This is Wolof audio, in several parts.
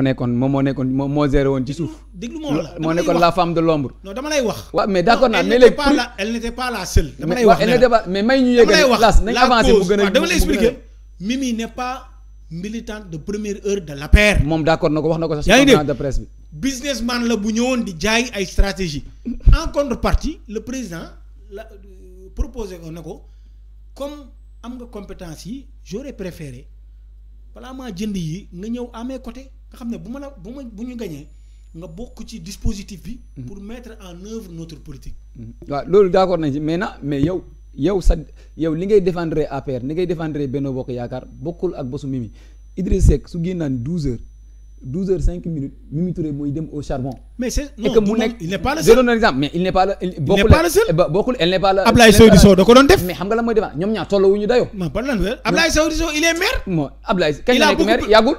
moo nekkoon moom moo nekkoon moo moo géré woon ci suuf. déglu moo la moo nekkoon la femme de l'ombre. non dama lay wax. wa. mais d'accord naa mais léegi pour elle n'était pas la seule. dama lay wax mais may ñu yëgal las nañ avancé bu gën a ah, dama lay expliquer Mimi n'est pas militante de première heure de l'APR. moom d'accord na ko wax na ko sax. yaa ngi dégg de presse bi. businessman la bu ñëwoon di jaay ay stratégie en contrepartie le président la euh, proposé ko na ko comme am nga compétence yi j'aurais préféré balaa maa jënd yi nga ñëw à mes côtés nga xam ne bu ma la bu ma bu ñu gañee nga bokk ci dispositif bi. Mm-hmm. pour mettre en œuvre notre politique. Mm-hmm. waaw loolu d'accord nañ ci mais na mais yow yow sa yow li ngay défendre APR ni ngay défendre Benno Bokk Yaakaar bokkul ak bosu Mimi Idriss Seck su génnaan 12 heures 12 heures 5 minutes Mimi Touré mooy dem au charbon. mais c'est non que mu nekk il n'est pas le seul. je donne un exemple mais il n'est pas le. il n'est pas le seul eh, bah, bokkul elle n'est pas le. Ablaye Seydou Sow da ko doon def. mais xam nga lan mooy débat ñoom ñaar tolluwuñu dayoo. non ban lan la Ablaye Seydou Sow il est maire. mo Ablaye kañ la nekk maire yàggul.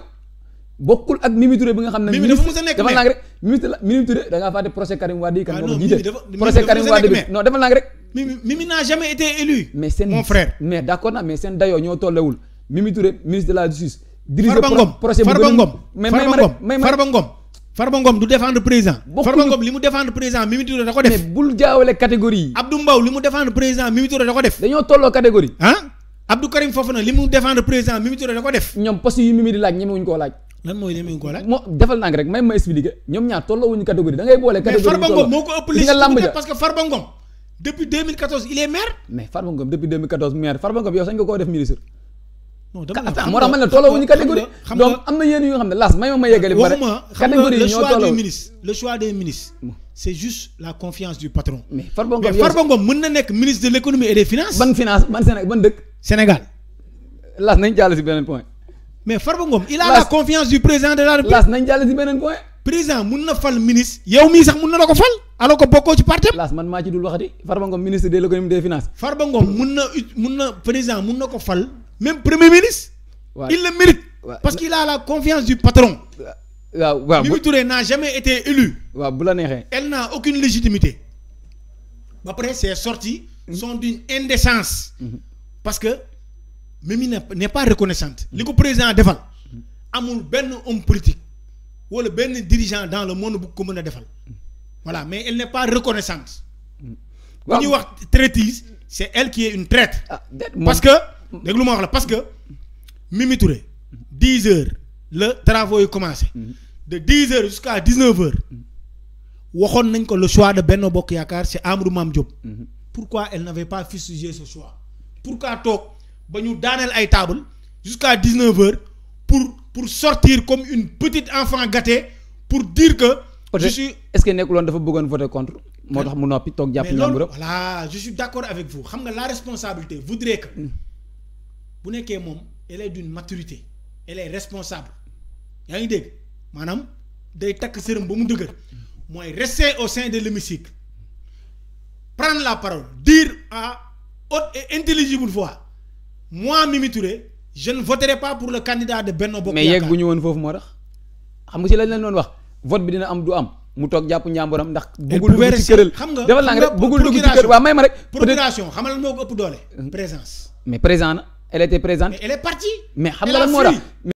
bokkul ak Mimi Touré bi nga xam ne. Mimi dafa mos a nekk dafa nang rek ministre la Mimi Touré da ngaa fàtte procès Karim yi. kan ah moo ko dafa nang Mimi Mimi n'a jamais été élu. mais seen mon frère. mais d'accord na mais seen dayoo ñoo tollewul Mimi Touré ministre de la justice. dirige procès bu Farba Ngom Mimi Touré da def. bul jaawale catégorie yi. Abdou li mu défendre président Mimi Touré da ko def. dañoo tolloo catégorie. ah Karim Fofana li mu défendre président lan mooy li muy góole. defal nang rek may ma expliquer ñom ñaar wuñu catégorie da ngay bolé catégorie mais Farba Ngom moo ko ëpp parce que Farba Ngom depuis 2014 il est maire. mais Farba Ngom depuis 2014 maire Farba Ngom yow sañ nga ko def ministre. non dama la moo tax na la wuñu catégorie. donc amna na yu nga xam las may ma ma yeggali. ba catégorie ñoo tolloo le choix des ministres le choix des ministres. c'est juste la confiance du patron. mais Farba Ngom mais Farba Ngom mën na nek ministre de l'économie et des finances. ban finance ban Sénégal ban dëkk. Sénégal. las nañ jall ci benen point mais Farba il a la confiance du président de la République. président mon fal ministre. yow ne sax mun na fal. alors que boko ci parti Lass man ma ci dul waxati Farba ministre de l'économie des finances. Farba Ngom mun na président mun fal. même premier ministre. il le mérite. parce qu'il a la confiance du patron. Mimi Touré n'a jamais été élu. elle n'a aucune légitimité. Après, ses sorties. sont d'une indécence. Mhm. parce que. Mimi n'est pas reconnaissante. li président y amul un homme politique wala un dirigeant dans le monde qui a voilà mais elle n'est pas reconnaissante. On ñuy wax c'est elle qui est une traître. Ah, parce que parce que Mimi Touré 10 heures le travail a commencé. de 10 heures jusqu'à 19 neuf heures waxoon nañ ko le choix de Benno Bokk Yakar c'est Amadou Mam Diop. Mhm. pourquoi elle n'avait pas fustigé ce choix. pourquoi toog ba ñu daaneel ay table jusqu'à 19 heures pour pour sortir comme une petite enfant gâtée pour dire que. je suis est-ce que nekkuloon dafa bëggoon voter contre. moo tax mu noppi toog jàpp voilà je suis d'accord avec vous xam nga la responsabilité voudrait que. Mm. bu nekkee moom elle est d'une maturité elle est responsable yaa ngi dégg maanaam day takk sërëm ba mu dëgër mooy rester au sein de l'hémicycle prendre la parole dire à haute et intelligible voix moi Mimi je ne voterai pas pour le candidat de Benno Bokk mais yegguñu won fofu mo tax xam nga ci lañ leen wax vote bi dina am du am mu tok japp ndax. bëggul dugg ci defal la rek bëggul dugg rek. procuration xam nga présence mais présente. elle était présente. mais elle est partie. mais xam nga tax.